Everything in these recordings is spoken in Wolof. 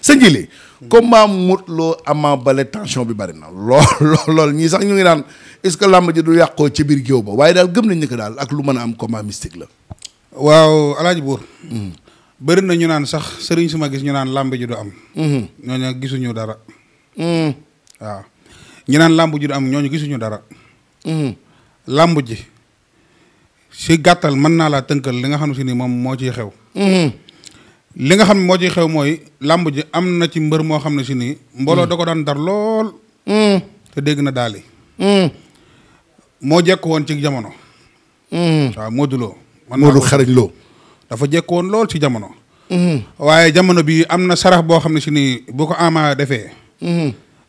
sa njili comme maam Modou Lo Ama Baldé tension bi bari na lool lool ñii sax ñu ngi naan est-ce que làmb ji du yàqoo ci biir géew ba waaye daal gëm nañ ni daal ak lu mën a am combat mystique la. waaw alaaj buur hmm. bëri na ñu naan sax sëriñ suma gis ñu naan làmb ji du am. Hmm. ñooñu nag gisuñu dara. Hmm. waaw ñu naan làmb ji du am ñooñu gisuñu dara. làmb ji si gàttal mën naa laa tënkal li nga xam si ni moom moo ciy xew. li nga xam moo ci xew mooy làmb ji am na ci mbër moo xam ne si nii. mbooloo mm. da ko daan dar lool. Mm. te dégg na daal mm. moo jekk woon ci jamono. waaw Modou Lo. man Modou xarañ Lo. dafa jekk woon lool ci jamono. waaye jamono bi am na sarax boo xam ne si nii bu ko Ama defee.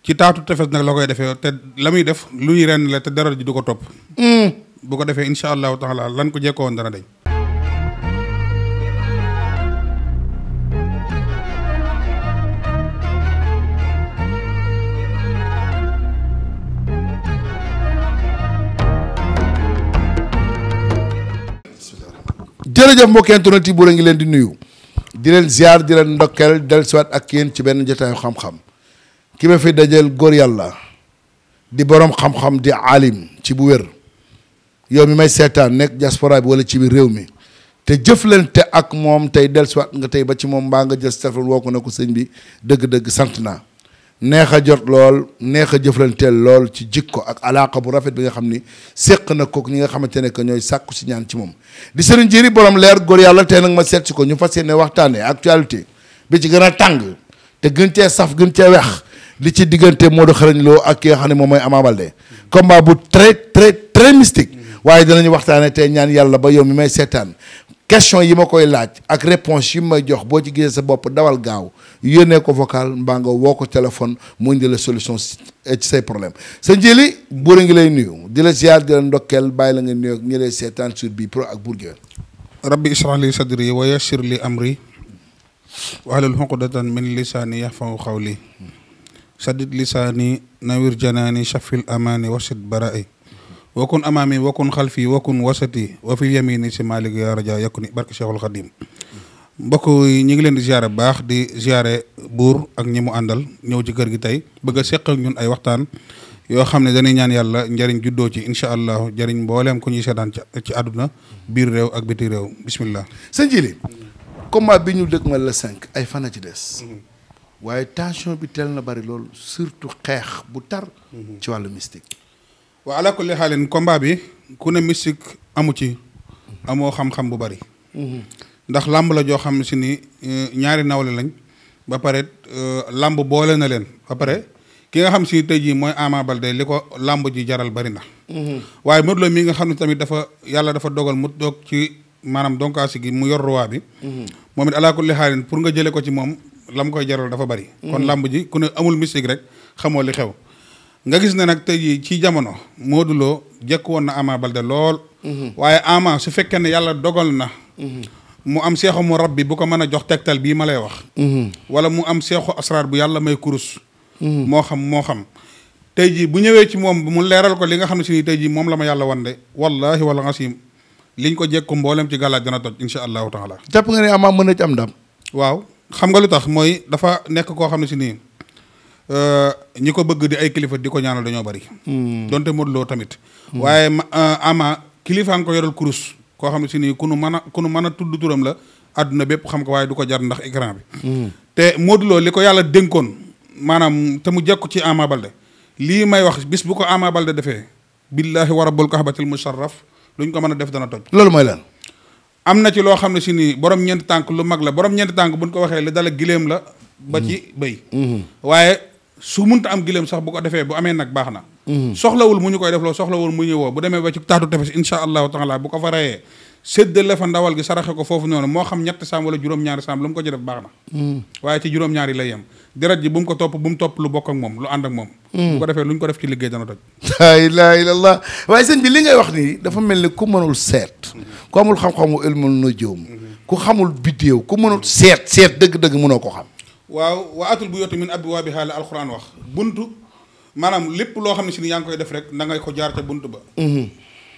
ci taatu tefes nag la koy defee te la muy def lu luy ren la te dara ji du ko topp. bu ko defee incha allahu taala lan ko jekk woon dana deñ jërëjëf mbokki internet yi bu la ngi leen di nuyu di leen ziar di leen ndokkeel dellusiwaat ak yéen ci benn jotaayu xam-xam ki ma fi dajeel góor yàlla di boroom xam-xam di alim ci bu wér yow mi may seetaan nekk diaspora bi wala ci biir réew mi te jëflante ak moom tey dellusiwaat nga tey ba ci moom mbaa nga jël téléphone woo ko ne ko sëñ bi dëgg-dëgg sant naa neex a jot lool neex a jëflanteel lool ci jikko ak alaaka bu rafet bi nga xam ni séq na kook ñi nga xamante ne que ñooy sàkku si ñaan ci moom di sëriñ jëri borom leer góor yàlla tey nag ma seet si ko ñu fas yéene waxtaanee actualité bi ci gën a tàng te gën cee saf gën cee weex li ci diggante moo Modou Xarañ loo ak ki nga xam ne moom mooy Ama Baldé combat bu très très très mystique mm-hmm. waaye danañu waxtaanee tey ñaan yàlla ba yow mi may seetaan question yi ma koy laaj ak réponse yi ma jox boo ci gisee sa bopp dawal gaaw yónnee ko vocal mbaa nga woo ko téléphone mu indi la solution eh, ci say problème sa njëli buur a ngi lay nuyu di la ziar di la ndokkeel bàyyi la nga nuyu ak lay seetaan sur bi pro ak Bour Gueweul rabbi israh li sadri wa yassir li amri wahlul uqdatan min lisaani yahfahu qawli sadid lisaani nawir janaani shafil amaani wasid bara'i kon wakun amaami kon xalfi wakun wasati wa fi yamini si malik ya raja yakku ni barke cheikhul xadim mbokk yi ñu ngi leen di ziare bu baax di ziare buur ak ñi mu àndal ñëw ci kër gi tey bëgg a seq ñun ay waxtaan yoo xam ne dañuy ñaan yàlla njëriñ juddoo ci incha allah njëriñ mbooleem ku ñuy seddaan ci àdduna biir réew ak biti réew bismillah sëñ Jili combat bi ñu dëgg ma la cinq ay fan a ci des mhm. waaye tension bi teel na bari lool surtout xeex bu tar mhm. ci wàllu waa ala kulli xaalin combat bi ku amu ci amoo xam bu bari ndax làmb la joo xam si ni eh, ñaari nawle lañ ba pare eh, làmb boole na leen ba ki nga xam si tey jii mooy Ama Baldé li ko làmb ji jaral bari na. waaye Modou Lo nga xam ne tamit dafa yàlla dafa dogal mu doog ci maanaam donkaasi gi mu yor ruwaa bi. moom it ala kulli xaalin pour nga jëlee ko ci moom lam koy jaral dafa bari. kon làmb ji ku ne amul mystique rek xamoo li xew. nga gis ne nag tey jii ci jamono Modou Lo jekk woon na Ama Baldé lool. waaye Ama su fekkee ne yàlla dogal na. mu am seexu mu rab bi bu ko mën a jox tegtal bii ma lay wax. wala mu am seexu asraar bu yàlla may kurus. moo xam moo xam. tey jii bu ñëwee ci moom mu leeral ko li nga xam ne si nii tey jii moom la ma yàlla wan de wallaahi wala ngasim liñ ko jekku mboolem ci gàllaaj dana toj incha allahu taala. jàpp nga ne Ama mën a ci am ndam. waaw xam nga lu tax mooy dafa nekk koo xam ne Euh, ñi ko bëgg di ay kilifa di ko ñaanal dañoo bari. Hmm. donte Modou Lo tamit. Hmm. waaye euh, ama kilifa nga ko yoral kurus. koo xam ne si nii ku nu mën a ku nu mën a tudd turam la àdduna bépp xam ko waaye du ko jar ndax écran bi. Hmm. te Modou li ko yàlla dénkoon maanaam te mu jekku ci Ama Balde lii may wax bis bu ko Ama Balde defee. billahi wa rabbul kahbatil musharraf luñ ko mën a def dana toj. loolu mooy lan. am na ci loo xam ne si nii boroom ñeenti tànk lu mag la borom ñeenti tànk buñ ko waxee li dala gileem la. ba ci su munta am gileem sax bu ko defee bu amee nag baax na mhm. soxlawul mu ñu koy def loo soxlawul mu ñu bu demee ba ci taatu tefes insha allahu taala bu ko fa rayee séddale ndawal gi saraxe ko foofu noonu moo xam ñetti saam wala juróom-ñaari saam lu ko ci def baax na mhm. waaye ci juróom-ñaari lay yem deret bu mu topp bu mu topp lu bokk ak moom lu ànd ak moom mhm. bu ko defee ko def ci liggéey dana toj laa ilaha illallah waaye sëñ bi li ngay wax nii dafa mel ni ku mënul seet ku amul xam-xamu ilmul nujum ku xamul biddéew ku mënul seet seet dëgg-dëgg mënoo ko xam waaw wa atul bu buyuuta min abwaabihaa la alxuraan wax buntu maanaam lépp loo xam ne si ni yaa ngi koy def rek da ngay ko jaar ca bunt ba mm-hmm.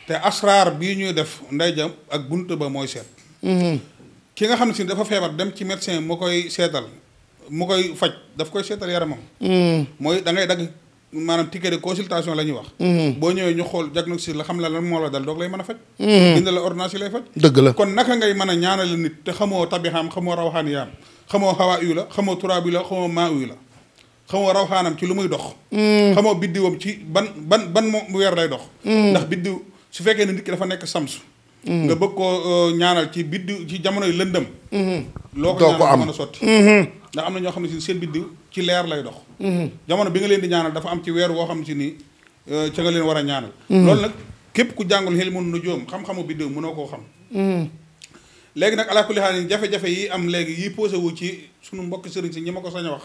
te asraar bi ñuy def nday jam ak bunt ba mooy seet mm-hmm. ki nga xam ne si dafa feebar dem ci médecin mu koy seetal mu koy faj daf koy seetal yaramam mm-hmm. mooy da ngay dagg maanaam ticket de consultation la ñuy wax boo ñëwee ñu xool diagnostic la xam la la moo la dal doog lay mën a faj bind la ordonnance yi lay faj dëgg la kon naka ngay mën a ñaanal nit te xamoo tabixaam xamoo rawaxaani yaam xamoo xawaa yu la xamoo turaabu yu la xamoo maa yu la xamoo rawxaanam ci lu muy dox mm. xamoo biddiwam ci ban ban ban mu weer lay dox mm. ndax biddiw su fekkee ne nit ki dafa nekk samsu mm. nga bëgg koo euh, ñaanal ci biddiw ci jamonoy lëndëm mm-hmm. loo ko ñaanal mën a sotti mm-hmm. ndax am na ñoo xam si seen biddiw ci leer lay dox mm-hmm. jamono bi nga leen di ñaanal dafa am ci weer woo xam ne si nii euh, ca nga leen war a ñaanal loolu nag képp ku jàngul xel mun nu joom xam-xamu biddiw mënoo koo xam léegi nag ala kulli xaal jafe-jafe yi am léegi yi posé ci sunu mbokk sëriñ si ñi ma ko sañ a wax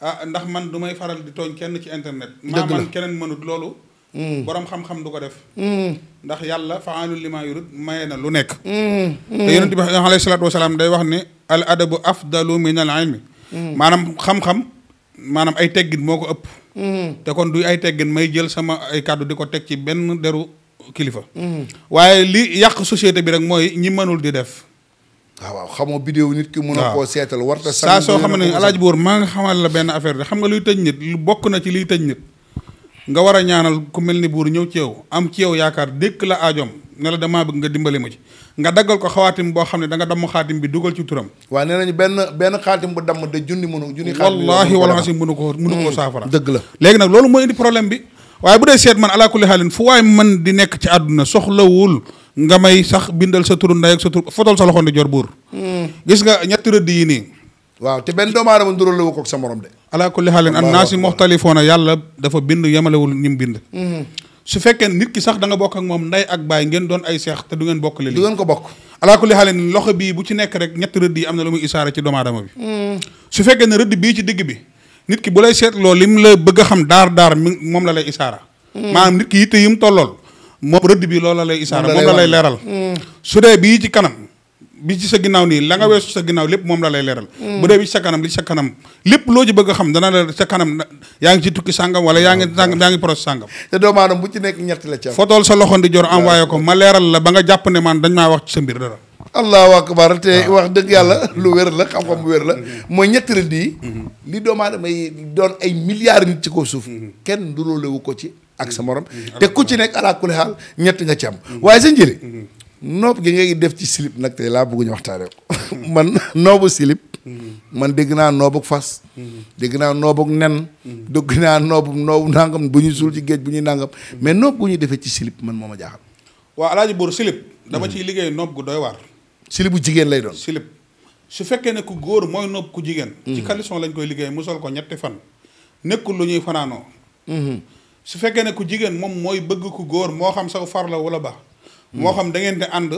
ah ndax man du may faral di tooñ kenn ci internet maa man keneen mënut loolu hmm. borom xam-xam du ko def hmm. ndax yàlla faalu lima yurid maye na lu nekk hmm. te yonent bi alayhi salaatu wasalaam day wax ne al adabu afdalu min al ilmi maanaam xam-xam maanaam ay teggin moo ko ëpp te kon du ay teggin may jël sama ay kaddu di ko teg ci benn deru kilifa. Mm-hmm. waaye li yàq société bi rek mooy ñi mënul di def. waaw ah, waaw xamoo bidéo nit ki. waaw a koo seetal war na. saa soo xam ne alaaj buur maa nga xamal la benn affaire de xam nga luy tëj nit lu bokk na ci liy tëj nit. nga war a ñaanal ku mel ni buur ñëw ci yow am ci yow yaakaar dékk la ajoom nga la damaa bëgg nga dimbali ma ci nga daggal ko xawaatim boo xam ne danga nga damm xaatim bi dugal ci turam waaw nee nañu benn benn xaatim bu damm de junni mënu junni xaatim wallaahi wala si mënu ko mënu koo mm-hmm. saafara dëgg la léegi nag loolu mooy indi problème bi waaye bu dee seet man alaa kulli xaalin fu waay man di nekk ci àdduna soxlawul nga may sax bindal sa turu ndey ak sa tur fotol sa loxo ndi jor buur hmm. gis nga ñetti rëdd yi nii waaw te benn doomu aadama ndural la ko sa morom de alaa kulli xaalin an naa si moxtalifoona yàlla dafa bind yemalewul ñim bind hmm. su fekkee nit ki sax da nga bokk ak moom ndey ak baay ngeen doon ay seex te du ngeen bokk li du ngeen ko bokk alaa kulli xaalin loxo bii bu ci nekk rek ñetti rëdd yi am na lu muy isaara ci doomu bi hmm. su fekkee ne rëdd bii ci digg bi nit ki bu lay seetloo mu la bëgg xam daar daar mi moom la lay isaara. maanaam nit ki yitte yi mu tollool. moom rëdd bi loola lay isaara moom la lay leeral. su dee bii ci kanam. bi ci sa ginnaaw nii la nga weesu sa ginnaaw lépp la lay leeral. bu dee bi ci sa ci sa kanam lépp loo ci bëgg a xam dana la sa kanam yaa ngi ci tukki sàngam wala yaa ngi sàngam yaa ngi proche sàngam. te doomu aadama bu ci nekk ñett sa loxo di jor envoyé ko ma leeral la ba nga jàpp ne man dañ maa wax ci sa mbir dara. allahu akbar te ah. wax dëgg yàlla ah. lu wér la xam-xam bu wér la ah. mooy ñetti rëdd yi li doomu aadama yi doon ay milliards nit ci ko suuf mm-hmm. kenn nduróolewu ko ci ak sa mm-hmm. morom mm-hmm. te ku ci nekk ala kulli xaal ñett nga waaye sa njëri nopp gi ngay def ci slip nag laa bëgg ñu waxtaane ko man noobu slip man dégg naa noobug fas dégg naa noobug nen dégg naa noobu noobu nangam bu ñu suul ci géej bu ñu nangam mais noob gu ñuy defee ci slip man moo ma jaaxal waaw alaaji buur slip dama ciy liggéey noob gu doy waar silib bu jigéen lay doon. silib su fekkee ne ku góor mooy nopp ku jigéen. ci mm. caleçon lañ koy liggéey mu sol ko ñetti fan. nekkul lu ñuy fanaanoo. Mm-hmm. su fekkee ne ku jigéen moom mooy bëgg ku góor moo xam sax far la wala ba. moo mm. xam da ngeen di ànd.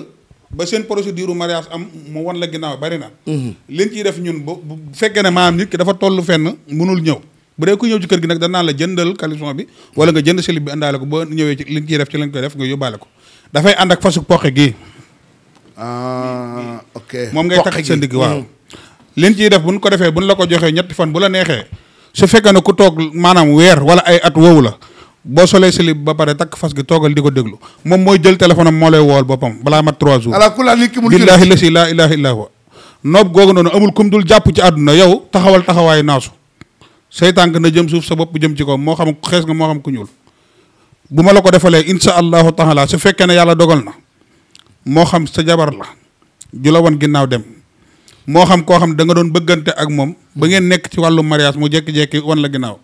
ba seen procédure mariage am mu wan la ginnaaw bari na. Mm-hmm. liñ ciy def ñun bu bu fekkee ne maanaam nit ki dafa toll fenn mënul ñëw. bu dee ku ñëw ci kër gi nag danaa la jëndal caleçon bi wala nga jënd silib bi àndaale ko boo ñëwee ci liñ ciy ci lañ koy def nga yóbbaale ko dafay ànd ak fasu poqe gii. ah ok moom ngay takk sa ndigg waaw. Hmm. liñ ciy def bu nu ko defee bu buñ la ko joxee ñetti fan bu la neexee su fekkee ne ku toog maanaam weer wala ay at woowu la boo solee silib ba pare takk fas gi toogal di ko déglu moom mooy jël téléphone moo lay wool boppam balaa mat trois jours. ala kulaa nit ki mu billaahi la si laa noob googu noonu amul kum dul jàpp ci àdduna yow taxawal taxawaayu naasu say tànk na jëm suuf sa bopp jëm ci ko moo xam ku xees nga moo xam ku ñuul bu ma la ko defalee incha allahu taala su fekkee ne yàlla dogal na moo xam sa jabar la ju la woon ginnaaw dem moo xam koo xam da nga doon bëggante ak moom ba ngeen nekk ci wàllu mariage mu jékki-jékki wan la ginnaaw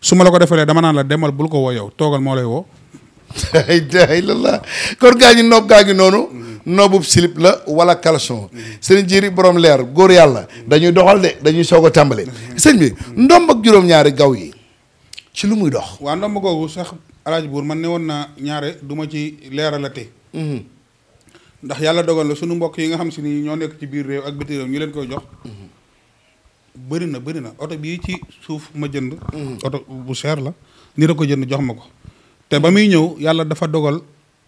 su ma la ko defalee dama naan la demal bul ko woo yow toogal moo lay woo. alhamdulilah kon gaa ñi noog gaa ngi noonu. noobub slip la wala caleçon. sëriñ Jiri boroom leer góor yàlla. dañuy doxal de dañuy soog a tàmbale. sëñ bi ndomb ak juróom-ñaari gaw yi ci lu muy dox. waa ndomb googu sax alaaj buur man ne woon na ñaare du ma ci leeralate. Mm-hmm. ndax yàlla dogal na sunu mbokk yi nga xam si ni ñoo nekk ci biir réew ak biti réew ñu leen koy jox bëri na bëri na oto bii ci suuf ma jënd mhm. oto bu cher la ni da ko jënd jox ma ko te ba muy ñëw yàlla dafa dogal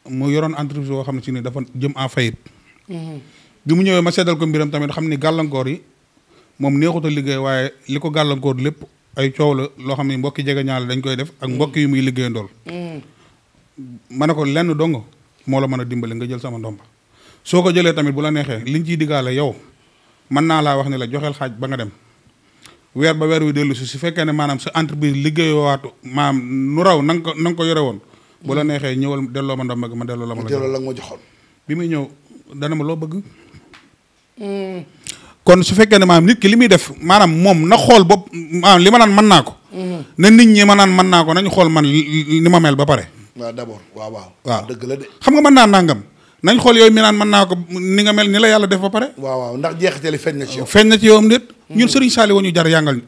mu yoroon entreprise boo xam ne si ni dafa jëm en faillite mhm. bi mu ñëwee ma seddal ko mbiram tamit xam ni gàllankoor yi moom neexut a liggéey waaye li ko gàllankoor lépp ay coow la loo xam ne mbokki jege ñaale dañ koy def ak mhm. mbokki yu muy liggéeyandool ma ne ko lenn dong moo la mën a dimbale nga jël sama ndomba soo ko jëlee tamit bu la neexee liñ ciy diggaale yow mën naa laa wax ne la joxeel xaaj ba nga dem weer ba weer wi dellu si su fekkee ne maanaam sa entreprise waatu maanaam nu raw na nga ko ko yore woon bu la neexee ñëwal delloo ma ndomba ma delloo la ma la delloo la ma joxoon bi muy ñëw dana ma loo bëgg hmm. kon su fekkee ne maanaam nit ki li muy def maanaam moom na xool bopp maanaam li ma naan mën naa ko hmm. na nit ñi ma naan mën naa ko nañu xool man ni ma mel ba pare waaw d'abord waaw dëgg la xam nga mën naa nangam nañ xol yooyu mi naan mën naa ko ni nga mel ni la yàlla def ba pare. waaw waaw ndax jeexitali feeñ na ci yow. feeñ na ci yow am déet. Hmm. ñun Serigne Saliou ñu jar yàngal.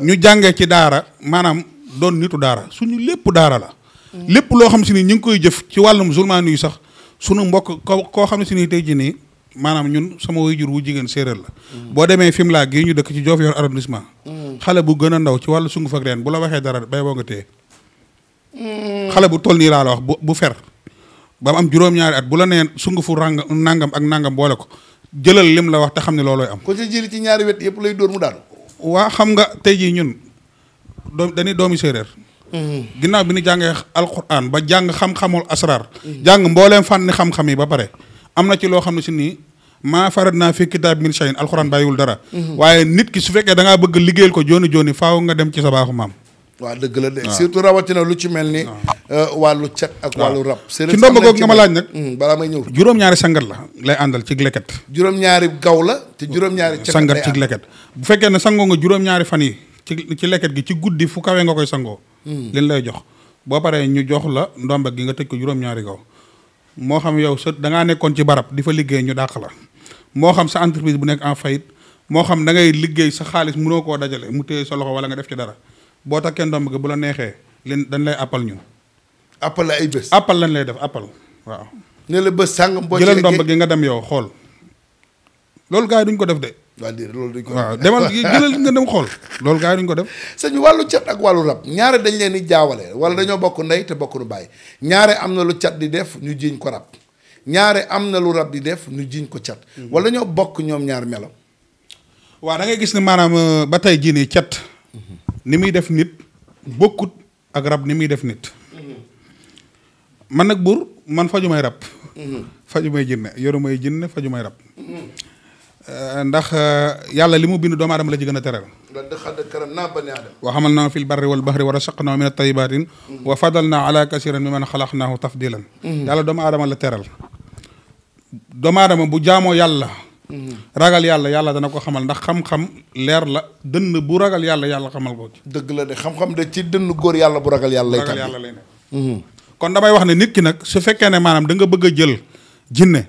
ñu jàngee ci daara maanaam doon nitu daara suñu lépp daara la. Hmm. lépp loo xam si ni ñu ngi koy jëf ci wàllum zulmaan yi sax suñu mbokk ko koo xam ne si ni tey jii nii maanaam ñun sama waajur wu jigéen séeréer la. Hmm. boo demee laa gii ñu dëkk ci Diofior arrondissement. xale bu gën ndaw ci wàll sunguf ak reen bu la waxee dara bay boo nga xale bu toll nii laa la bu fer ba mu am juróom-ñaari at bu la nee sungufu ràng nangam ak nangam boole ko jëlal lim la wax te xam ne loolooy am. ko ci jëli ci ñaari wet yëpp lay dóor mu daanu. waa xam nga tey jii ñun doom dañuy doomi séeréer. Hmm. ginnaaw bi ñu jàngee alquran ba jàng xam-xamul asrar. Hmm. jàng mbooleem fànni xam-xam yi ba pare am na ci loo xam ne si nii. maa farat naa fi kitaab min shayin alxuraan bàyyiwul dara. Hmm. waaye nit ki su fekkee da ngaa bëgg liggéeyal ko jooni jooni faaw nga dem ci sa baaxu maam. waa dëgg la de ah. surtout rawatina lu ci mel ni ah. euh, wàllu cet ak ah. wàllu rab ci ndomb googu nga ma laaj nag hmm, balaa may ñëw juróom-ñaari sangat la lay àndal cig leket juróom-ñaari gaw la te juróom-ñaari cet sangat ci leket bu ne sangoo nga juróom-ñaari fan yi ci ci leket gi ci guddi fu kawee nga koy sangoo hmm. lin lay jox boo paree ñu jox la ndomba gi nga tëj ko juróom-ñaari gaw moo xam yow sa da ngaa nekkoon ci barab di fa liggéey ñu dàq la moo xam sa entreprise bu nekk en faillite moo xam da ngay liggéey sa xaalis mënoo koo dajale mu téye sa loxo wala nga def ci dara boo takkee ndomb gi bu la neexee leen dañ lay appal ñun. appal la ay bés. appal lañ lay def appal waaw. ne la bés sàngam boo. jëlal ndomb gi nga dem yow xool loolu gars yi duñ ko def de. waaw loolu duñ ko def waaw demal nga dem xool loolu gars yi duñ ko def. sëñ wàllu cat ak wàllu rab ñaare dañ leen di jaawale wala dañoo bokk ndey te bokk nu bàyyi ñaare am na lu cat di def ñu jiñ ko rab ñaare am na lu rab di def ñu jiiñ ko cat. Hmm. wala ñoo bokk ñoom ñaar melo. waaw da ngay gis maanaam euh, ba tey jii nii cat. Hmm. ni muy def nit bokkut ak rab ni muy def nit man nag buur man faju may rab faju may jinne yoru may jinne faju may rab eh, ndax eh, yàlla li mu bind doomu aadama la ci gën a teral wa hamalnaa fil barri wal bahri wa rasaqnaa min at-tayyibaatin wa fadalnaa ala kasiran mimman xalaqnaahu tafdilan mm-hmm. yàlla doomu aadama la teral doomu aadama bu jaamoo yàlla ragal yàlla yàlla dana ko xamal ndax xam-xam leer la dënn bu ragal yàlla yàlla xamal ko ci. dëgg la de xam-xam de ci dënn góor yàlla bu ragal yàlla. lay ragal yàlla lay kon damay wax ne nit ki nag su fekkee ne maanaam da nga bëgg a jël jinne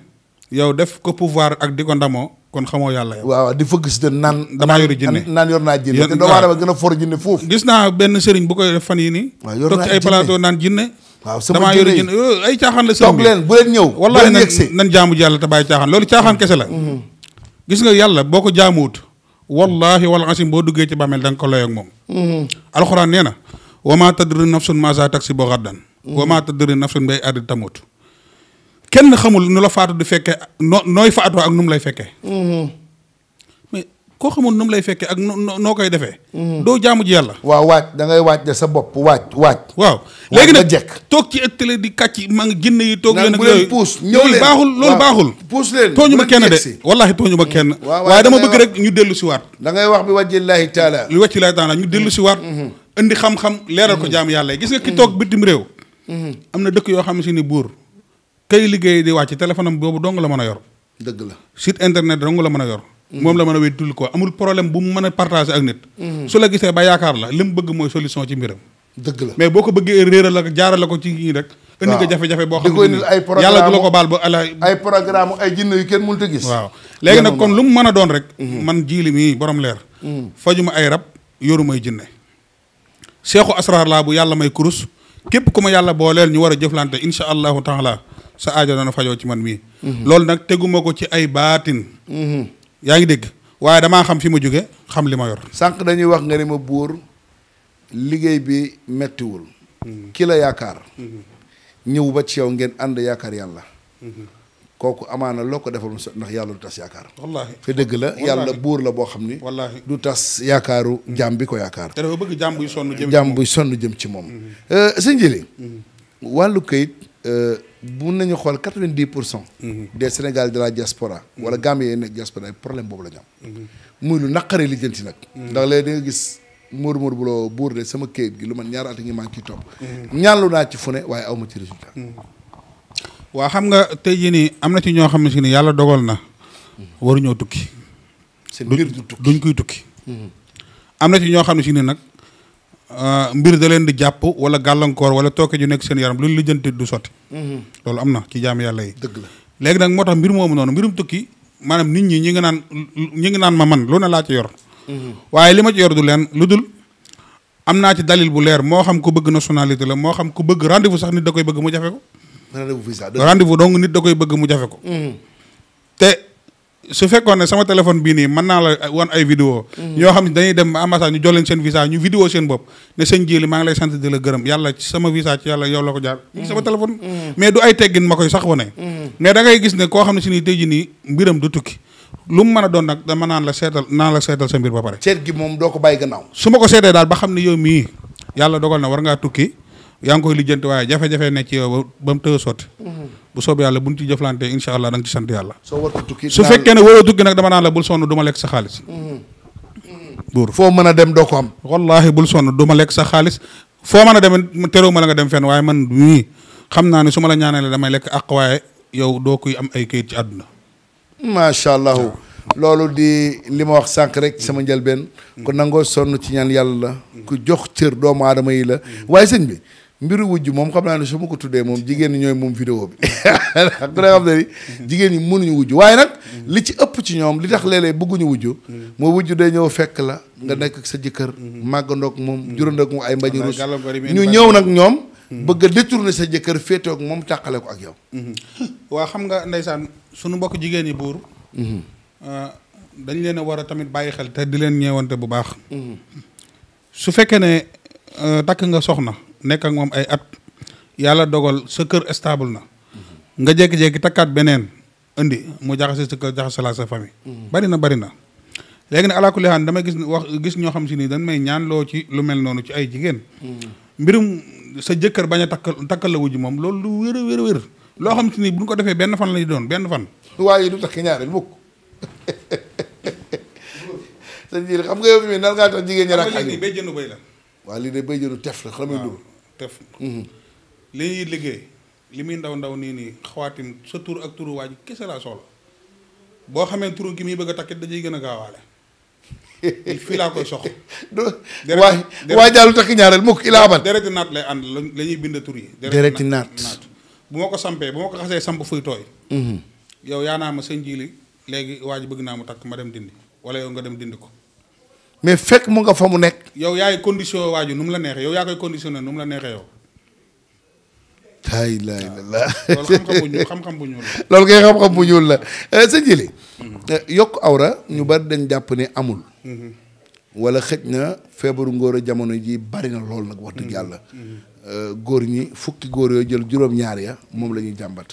yow def ko pouvoir ak di ko ndamoo kon xamoo yàlla yow. waaw di fa gis de naan. damaa yor jinne naan yor naa jinne. te doomu aadama gën a for jinne foofu. gis naa benn sëriñ bu koy def fan yi yor naa jinne toog ci jinne waaw sama damaa yore jën ay caaxaan la sëñ bi toog leen bu leen ñëw wallaahi nan jaamu ji te bàyyi caaxaan loolu caaxaan kese la mm-hmm. gis nga yàlla boo ko jaamuwut wallahi wal si boo duggee ci bàmmeel da ko loyoog moom mm-hmm. alxuraan nee na wa maa tadri nafsun maa saa taksi boo xaddan mm-hmm. wa maa tadri nafsun bay ardi tamut kenn xamul nu la faatu di fekkee nooy faatoo ak nu lay fekkee koo xamul nu mu lay fekkee ak noo koy defee. doo jaamu ji yàlla. waaw waaj da waaj de sa bopp waaj waaw léegi nag jekk toog ci tele di kàcc ma nga ginne yi toog leen ak yooyu ñëw leen baaxul loolu baaxul. puus leen tooñu ma kenn de wallaahi tooñu ma kenn. waaye dama bëgg rek ñu dellu si waat. da ngay wax bi wàjjillaahi taala. li wàjjillaahi taala ñu dellu si waat. Mm-hmm. indi xam-xam leeral ko mm-hmm. jaamu yàlla yi gis nga ki mm-hmm. toog bitim réew. am na dëkk yoo xam si ni buur kay liggéey di wàcc téléphone am boobu dong la mën a yor. dëgg la site internet dong la mën a yor moom la mën a wédul quoi amul problème bu mu mën a partager ak nit mm-hmm. su la gisee ba yaakaar la li mu bëgg mooy solution ci mbiram la mais boo ko bëggee réeral la jaara la ko ci ñi rek indi nga jafe-jafe boo xam ne yàlla du la ko baal ba ala ay programme ay jinne yu kenn mënut a gis waaw léegi nag kon lu mu mën a doon rek mm-hmm. man jiili mii borom leer mm-hmm. fajuma ay rab yorumay jinne seexu asraar laa bu yàlla may kurus képp ku ma yàlla booleel ñu war a jëflante insha allahu taala sa aajo dana fajoo ci man mii loolu nag teguma ko ci ay baatin yaa ngi dégg waaye damaa xam fi ma jóge xam li ma yor. sànq dañuy wax nga ne ma buur liggéey bi mettiwul. Hmm. ki la yaakaar. Hmm. ñëw ba ci yow ngeen ànd yaakaar yàlla. Hmm. kooku amaana loo ko defal ndax yàlla du tas yaakaar. wallaahi fi dëgg la yàlla buur la boo xam ni. wallaahi du tas yaakaaru jaam bi ko yaakaar. te dafa bëgg jaam buy sonn jëm ci moom jaam buy jëm ci moom. Euh, wàllu kayit. Euh, bu nañu xool quatre vingt dix pour cent. Mhm. des Sénégal de la diaspora. wala Gambie yi nekk diaspora problème boobu la ñu am. muy lu naqaree lijjanti nag. Mhm. ndax léegi da nga gis Modou Modou buloo buur de sama kayit gi lu man ñaar at ngi maa ngi ciy topp. Mhm. ñaanlu naa ci fu waaye aw ma ci résultat. waa xam nga tey jii nii am na ci ñoo xam ne si ni yàlla dogal na. waruñoo tukki. seen mbir du tukki duñ koy tukki. am na ci ñoo xam ne si ni nag. Euh, mbir da leen di jàpp wala gàllankoor wala tooke ju nekk seen yaram lu lijjanti du sotti. Mhm. loolu am na ci jaam yàlla yi. dëgg la léegi nag moo tax mbir moomu noonu mbirum tukki maanaam nit ñi ñi nga naan ñi nga naan ma man lu ne laa ci yor. Mhm. waaye li ma ci yor du leen lu dul am naa ci dalil bu leer moo xam ku bëgg nationalité la moo xam ku bëgg rendez-vous sax nit da koy bëgg mu jafe ko. rendez-vous visa rendez-vous nit da koy bëgg mu jafe ko. Mhm. te su fekkoon ne sama téléphone bii nii mën naa la uh, wan ay vidéo ñoo mhm. xam ne dañuy dem ba ambassade ñu jox leen seen visa ñu vidéo seen bopp ne seen jili maa ngi lay sant di la gërëm yàlla sama visa ci yàlla yow la ko jaar ci sama mhm. téléphone mhm. mais du ay teggin ma koy sax wane mais da gis ne koo xam ne si nii tey jii nii mbiram du tukki lu mu mën a doon nag dama naan la seetal naan la seetal sa mbir ba pare seet gi moom doo ko bàyyi gannaaw su ma ko seetee daal ba xam ne yow mii yàlla dogal na war ngaa tukki yaa ngi koy lijjanti waaye jafe-jafe ne ci yow ba mu tëw sotti mhm. bu soob yàlla buñ ci jëflante incha allah da ci sant yàlla su fekkee ne waroo tukki nag dama naan la bul sonn du ma lekk sa xaalis mhm. Mhm. buur foo mën a dem doo ko am wallaahi bul sonn du ma lekk sa xaalis foo mën a dem teroo ma la nga dem fenn waaye man mii xam naa ne su ma la ñaanalee damay lekk ak waaye yow doo koy am ay kayit ci àdduna macha allah loolu di li ma wax sànq rek sama njëlbeen. Mm. ku nangoo sonn ci ñaan yàlla la mm. jox doomu aadama yi la mm. waaye sëñ bi mbiru wujj moom xam naa ne su ko tuddee moom jigéen ñi ñooy moom vidéo bi ndax ku xam ne ni jigéen ñi mënuñu wujj waaye nag li ci ëpp ci ñoom li tax léeg-léeg bëgguñu wujj moo wujj day ñëw fekk la nga mm-hmm. nekk sa jëkkër mm-hmm. màggandoog moom mm-hmm. jurandoog moom ay mbañi rus ñu ñëw nag ñoom bëgg a détourner sa jëkkër féetoog moom tàqale ko ak yow waaw xam nga ndeysaan sunu mbokk jigéen yi buur euh, dañ leen a war a tamit bàyyi xel te di leen ñeewante bu baax su fekkee ne euh, takk nga soxna nekk ak moom ay at yàlla dogal sa kër stable na nga jékki-jékki takkaat beneen indi mu jaxase sa kër jaxasalaat sa famille. Mm-hmm. bari na bari na léegi ne alaakulli xaan damay gis wax gis ñoo xam si ni dañ may ñaanloo ci lu mel noonu ci ay jigéen. Mm-hmm. mbirum sa jëkkër bañ a takkal takkal la wujj moom loolu lu wér a wér wér loo xam si ni bu ñu ko defee benn fan lañu doon benn fan. waaye du takk ñaareel mukk sëñ bi nga yow mii nan ngaa tax jigéen ñi rek. xam waaw lii de bay jëru tef la xam nga dugg mhm. li ñuy liggéey li muy ndaw ndaw nii nii xawaatim sa tur ak turu waaj kese laa soxla boo xamee turu gi muy bëgg a takkit dajay gën a gaawaale fii laa koy sox waay waay jaalu takk ñaareel mukk ilaa abat dereti naat lay ànd la ñuy bind tur yi dereti naat bu ma ko sampee bu ma ko xasee samp fuy tooy mhm. yow yaa naa ma sëñ ji léegi waa bëgg naa mu takk ma dem dindi wala yow nga dem dindi ko mais fekk mu nga fa mu nekk. yow yaay condition waaju nu mu la neexee yow yaa koy conditionné nu mu la neexee yow. la ilaha bu ñuul la. loolu kay xam-xam bu ñuul la eh, sa jëli. Mhm. Eh, yokk awra ñu mhm. bari dañ jàpp ne amul. Mhm. wala xëj na feebaru ngóor a jamono ji bari na lool nag wax dëgg yàlla. Eh, góor ñi fukki góor yooyu jël juróom-ñaar ya moom la ñuy jàmbat.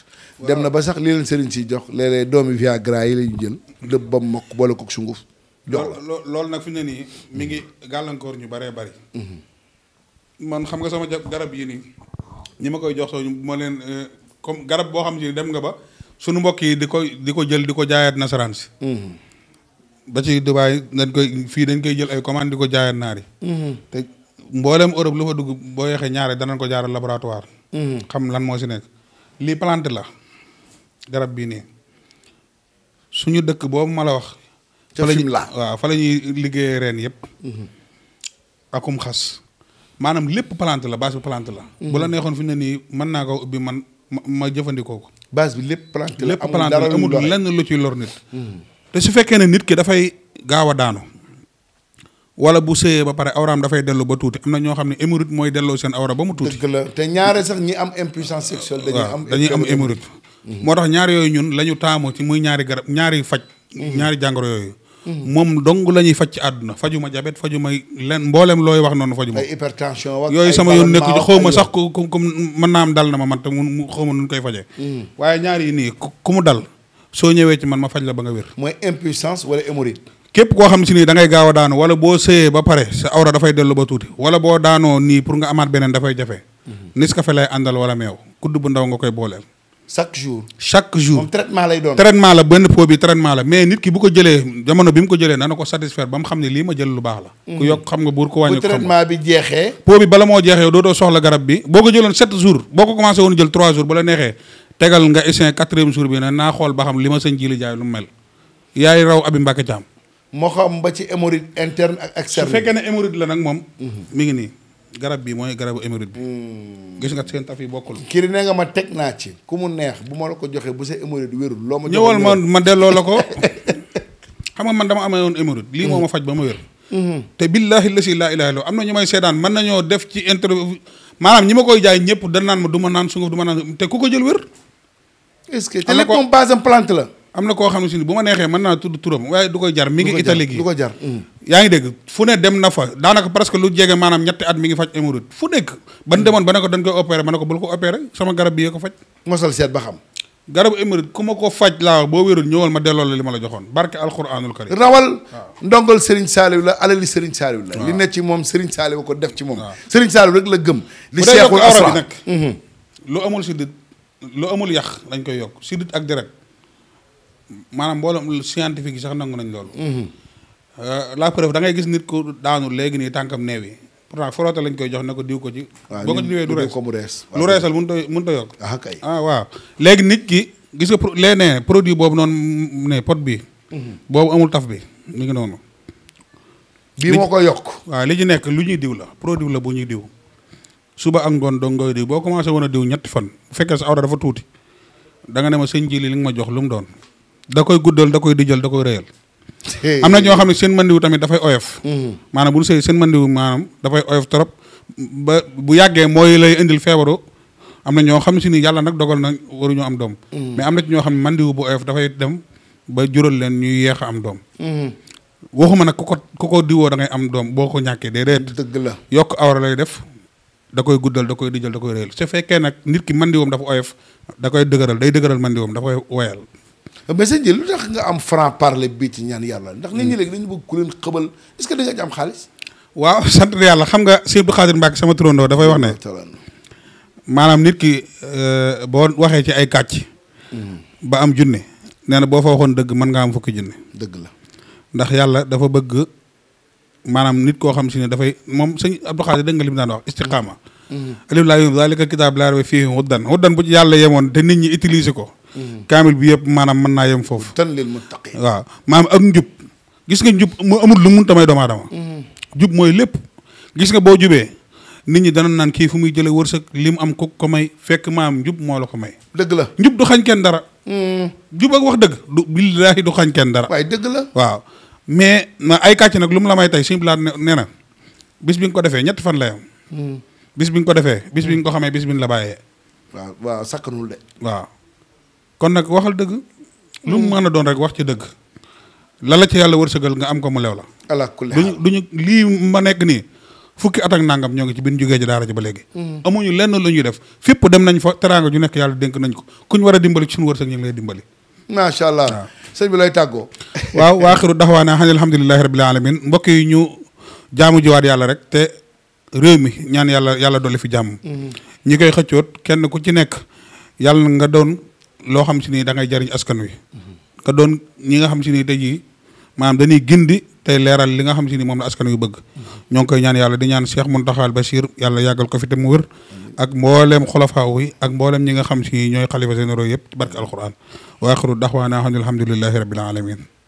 dem na ba sax li leen sëriñ si jox léeg-léeg doomi Viagra yi la ñu jël. dëbb ba mokk boole koog sunguf jox la loolu nag fi ne nii mi ngi gàllankoor ñu baree bari. Mm-hmm. man xam nga sama garab yi nii ñi ma koy jox soo ñu ma leen euh, comme garab boo xam si dem nga ba sunu mbokk yi di ko di ko jël di ko jaayaat nasaraan si. Mm-hmm. ba ci Dubaay dañ koy fii dañ koy jël ay di ko jaayaat naar yi. Mm-hmm. te mboolem Europe lu fa dugg boo yeexee ñaare danañ ko jaaral laboratoire. xam lan moo si nekk lii plante la garab bii nii suñu dëkk boobu ma la wax. ca Fimela waaw fa la ñuy liggéeyee reen yëpp. Mhm. akum xas. maanaam lépp plante la base bi plante la. Mhm. bu la neexoon fi ne nii mën naa koo ubbi man ma jëfandikoo ko. base bi lépp plante la lépp mu la amul lenn lu ciy lor nit. Mhm. te su fekkee ne nit ki dafay gaawa daanu. wala bu sëyee ba pare awraam dafay dellu ba tuuti am na ñoo xam ne hémorroïde mooy delloo seen awra ba mu tuuti. dëgg la te ñaare sax ñi am impuissance sexuelle. dañuy am dañuy am hémorroïde. moo tax ñaari yooyu ñun la ñu taamu ci muy ñaari garab ñaari faj. ñaari jàngoro yooyu. Mm-hmm. moom dong lañuy ñuy faj ci àdduna fajuma jabet fajuma len mboolem looy wax noonu fajuma ay hypertension yooyu sama yoon nekk xaw ma sax ku ku mën naa am dal na ma man te mu xaw ma nu koy faje mm-hmm. waaye ñaar yi nii ku mu dal soo ñëwee ci man ma faj la ba nga wér mooy impuissance wala hémorroïde képp koo xam si nii dangay gaaw a daanu wala boo sëyee ba pare sa awra dafay dellu ba tuuti wala boo daanoo nii pour nga amaat beneen dafay jafe nis ka fe lay àndal wala meew kudd bu ndaw nga koy booleel chaque jour chaque jour moom traitement lay doon. traitement la benn po bi traitement la mais nit ki bu ko jëlee jamono bi mu ko jëlee dana ko satisfaire ba mu xam ne lii ma jël lu baax la. Mm-hmm. ku yokk xam nga buur ko wàññi ko traitement bi jeexee. po bi bala moo jeexee dootoo soxla garab bi boo ko jëloon sept jours boo ko commencé woon jël trois jours ba neexee tegal nga essayé quatrième jour bi ne naa xool ba xam li ma sëñ jaay lu mel. yaay raw abi Mbacke Thiam. moo ba ci hémorroïde interne ak externe. su fekkee ne mm-hmm. mi ngi nii. garab bii mooy garabu hémorroïde bi. Hmm. gis nga seen taf yi bokkul. kii ne nga ma teg naa ci ku mu neex bu ma la ko joxee bu sa hémorroïde wérul loo ma. ñëwal ma ma delloo la ko xam nga man dama amee woon hémorroïde. lii moo ma faj ba ma wér. Hmm. te billaahi la si laa ilaaha illa am na ñu may seedaan mën nañoo def ci interview maanaam ñi ma koy jaay ñëpp da naan ma du ma naan sunguf du ma naan te ku ko jël wér. est-ce te lépp moom base plante la. am na koo xam ne si bu ma neexee mën naa tudd turam waaye du koy jar mi ngi itali gi du ko jar mm. yaa ngi dégg fu ne dem na fa daanaka presque lu jege maanaam ñetti at mi ngi faj hémorroïde fu nekk ban demoon ba ne ko dañ koy opéré ko bul ko opéré sama garab bi yee ko faj mosal seet ba xam ma ko li ma la joxoon barke alquranul la alali Serigne Saliou la li moom Serigne Saliou ko def ci moom Serigne Saliou rek la gëm li seexul asra mm-hmm. lu amul sidit lu amul yax dañ koy yokk sidit ak deret maanaam mboolem scientifique yi sax nangu nañ loolu. Mhm. Euh, la preuve da ngay gis nit ku daanu léegi nii tànkam neew yi pourtant foroote lañ koy jox ne ko diw ko ci. boo ko diwee du rees lu reesal mënut a mënut a yokk. ah kay ah, léegi nit ki gis nga pro lee ne produit boobu noonu ne pot bi. Mhm. boobu amul taf bi mi ngi noonu. bii moo koy yokk waaw li ci nekk lu ñuy diw la produit la bu ñuy diw suba ak ngoon dong ngay diw boo commencé woon a diw ñetti fan bu fekkee sa awra dafa tuuti da nga ne ma sëñ ji li nga jox lu mu doon. da koy guddal da koy dijjal da koy rëyal am na ñoo xam ne seen mandiwu tamit dafay oyof mm-hmm. maanaam bu ñu sëy seen mandiwu maanaam dafay oyof trop ba bu yàggee mooy lay indil feebaru am na ñoo xam si ni yàlla nag dogal na waruñoo am doom mm-hmm. mais am na ñoo xam ne mandiwu bu oyof dafay dem ba jural leen ñuy yeex a am doom mm-hmm. waxuma nag ku ko ku ko diwoo da ngay am doom boo ko ñàkkee déedéet dëgg la yokk awra lay def da koy guddal da koy dijjal da koy rëyal su fekkee nag nit ki mandiwam dafa oyof da koy dëgëral day dëgëral mandiwam da koy woyal mais sëñ bi lu tax nga am franc parler bii ci ñaan yàlla ndax nit ñi hmm. léegi dañu bëgg ku leen xëbal est que da nga ci am xaalis. waaw sant yàlla xam nga si Abdou Khadir sama turandoo dafay wax ne. maanaam nit ki euh, boo waxee ci ay kàcc. Hmm. ba am junne. nee na boo fa dëgg mën nga am fukki junne. dëgg la ndax yàlla dafa bëgg maanaam nit koo xam si ne dafay moom sëñ Abdou Khadir dégg nga li mu daan wax istiqaama. laa yoom zaalika kitaab laa rayba fiihi hudan hudan bu yàlla yemoon te nit ñi utiliser ko. kaamil bi yëpp maanaam mën naa yem foofu tan lil muttaqin waaw maanaam ak njub gis nga njub mu amul lu mun tamay doomu aadama mm-hmm. jub mooy lépp gis nga boo jubee nit ñi dana naan kii fu muy jële wërsëg li mu am ko ko may fekk maam njub moo la ko may dëgg la njub du xañ kenn dara mm-hmm. jub ak wax dëgg du billaahi du xañ kenn dara waaye dëgg la waaw mais ay kàcc nag lu la may tey suñu bilaat nee na bis bi nga ko defee ñetti fan lay am mm-hmm. bis bi nga ko defee bis bi nga ko xamee bis bi la bàyyee waaw waaw sakkanul de waaw kon nag waxal dëgg. lu mu mën a doon rek wax ci dëgg. la la ci yàlla wërsëgal nga am ko mu lew la. lu ñu lii ma nekk nii fukki at ak nangam ñoo ngi ci bi ñu jógee ci daara ji ba léegi. Mm-hmm. amuñu lenn lu ñuy def fépp dem nañ fa teraanga ju nekk yàlla dénk nañ ko ku ñu war a dimbali ci suñu wërsëg ñu ngi lay dimbali. macha allah sëñ bi lay tàggoo. waaw waa dax xiru daxwaana alhamdulilahi rabbil alamin mbokk yi ñu jaamu jiwaat yàlla rek te réew mi ñaan yàlla yàlla dolli fi jàmm. Mm-hmm. ñi koy xëccoot kenn ku ci nekk yàlla nga doon loo xam si ni da ngay jariñ askan wi ka doon ñi nga xam si ni tey jii maanaam dañuy gindi te leeral li nga xam si ni moom la askan wi bëgg ñoo ngi koy ñaan yàlla di ñaan Cheikh ba Bachir yàlla yàggal ko fi te mu wër ak mbooleem xolofaaw yi ak mbooleem ñi nga xam si ñooy xalifa généraux yëpp ci barke alquran wa axiru daxwaana alhamdulillahi rabbil alamin